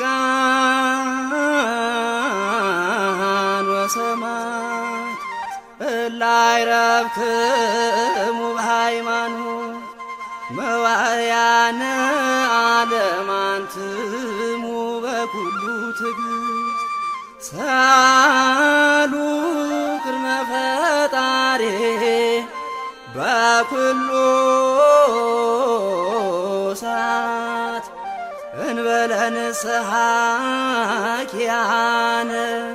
ጻድቃን ወሰማት እላይ ረብክሙ በሃይማኖ መዋያነ አለማንትሙ በኩሉ ትግስት ሳሉ ቅድመ ፈጣሬ በኩሉ ሳ لنصحك يا عاني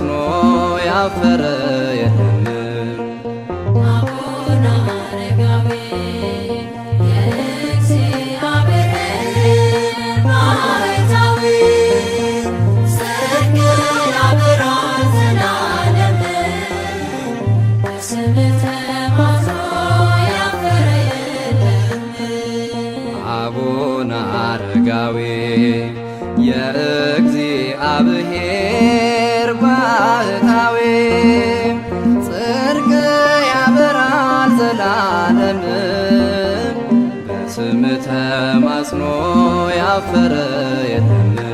ተወስኖ ያፈረ የለም አቡነ አረጋዊ አቡነ አረጋዊ የእግዚአብሔር ባሕታዊም ጽድቅ ያበራል ዘላለም በስም ተማጽኖ ያፈረ የለም።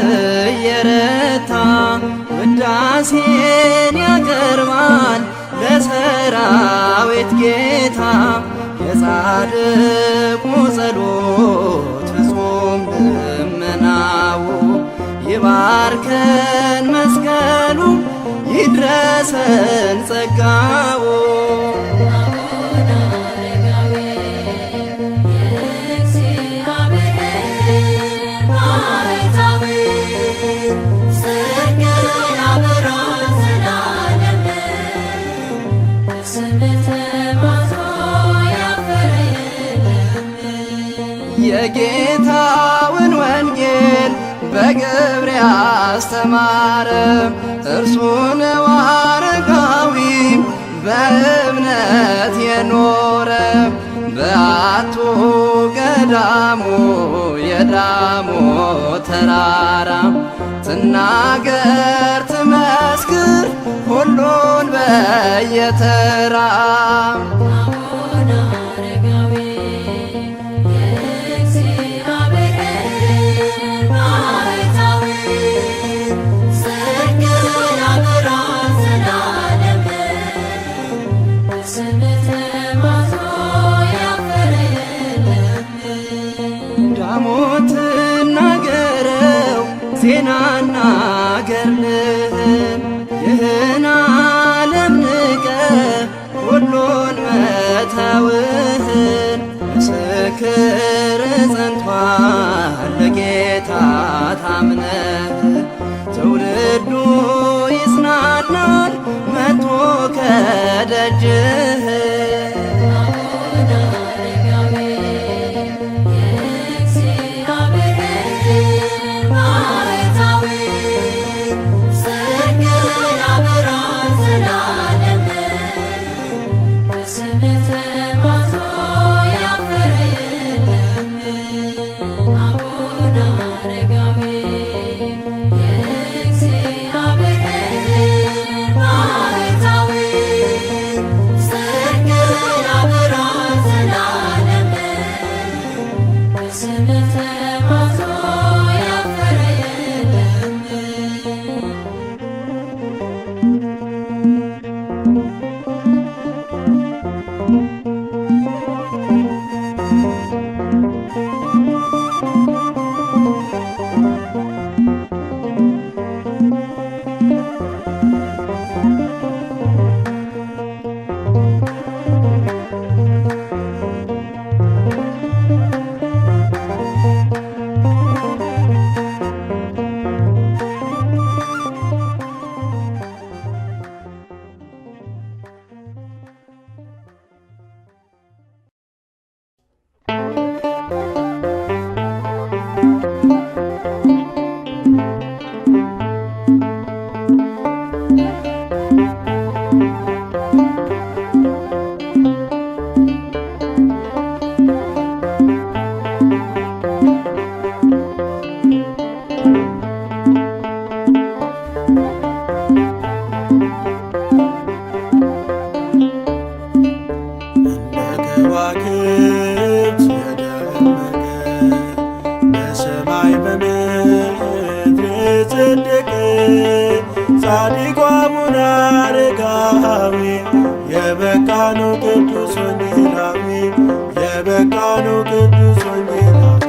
እየረታ ውዳሴን ያቀርባል ለሰራዊት ጌታ የጻድቁ ጸሎት ፍጹም ልመናው ይባርከን መስቀሉ ይድረሰን ጸጋው ማረም እርሱን ዋርጋዊ በእምነት የኖረ በአቱ ገዳሙ የዳሞ ተራራ ትናገር ትመስክር ሁሉን በየተራ ዜና እናገርልህም ይህን ዓለም ንቀህ ሁሉን መተውህን ምስክር ጸንቷል ጻድቁ አቡነ አረጋዊ የበቃኑ ቅዱስ ወንጌላዊ የበቃኑ ቅዱስ ወንጌላዊ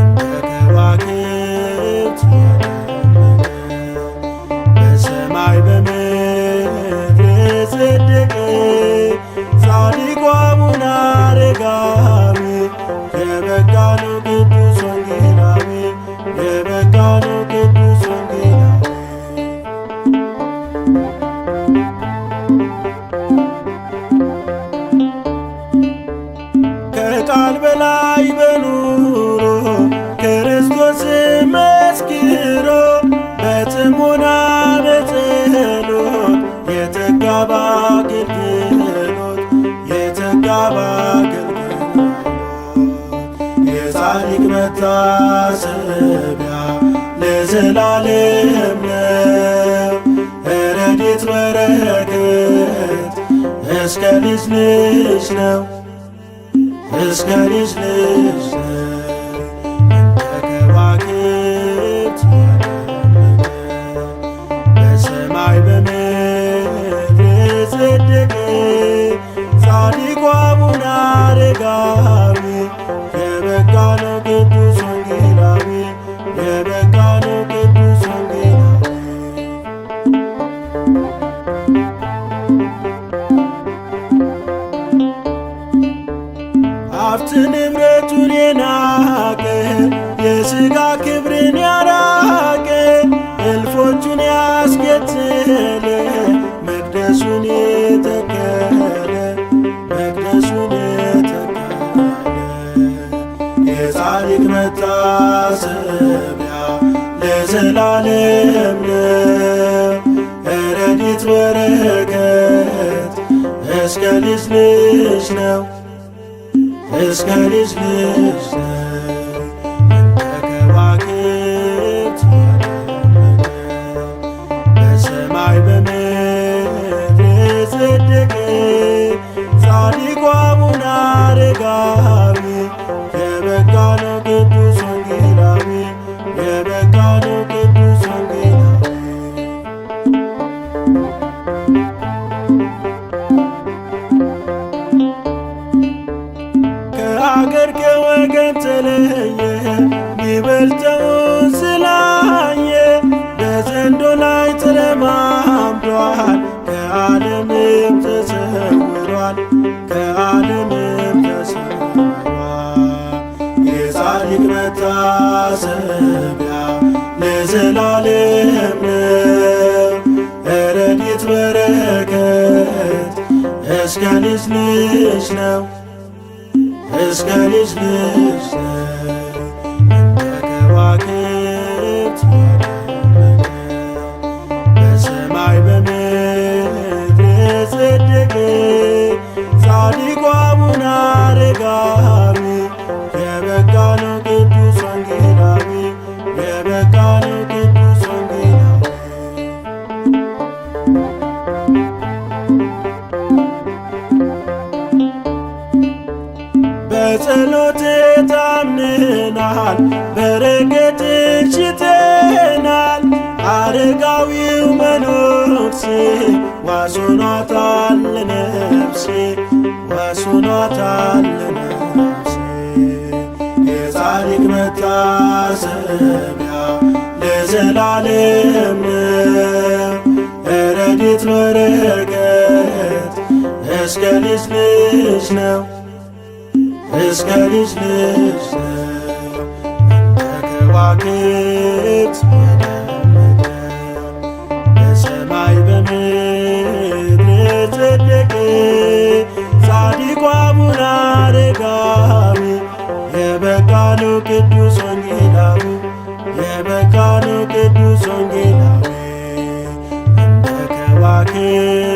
እንደተባክት በሰማይ በምድር ጻድቁ አቡነ አረጋዊ የበቃኑ ቅዱስ ለዘላለም ነው። ረድኤት በረከት እስከ ልጅ ልጅ ነው እስከ ልጅ ልጅ forget This God is loose now This God is loose now girl is lit now. This girl is lit now. And I can walk in. በረከትሽ ይተናል አረጋዊው መኖክሴ ዋሶናታል ለነፍሴ ዋሶናታል ለነፍሴ የጻድቅ መታሰቢያ ለዘላለም ነው ረድኤት በረከት እስከ ልጅ ልጅ ነው እስከ ልጅ ልጅ መላእክት የደመቀ በሰማይ በምድር ጸደቀ ጻድቁ አቡነ አረጋዊ የበቃሉ ቅዱስ ወንጌላዊ የበቃሉ ቅዱስ ወንጌላዊ እንደ ከዋክብት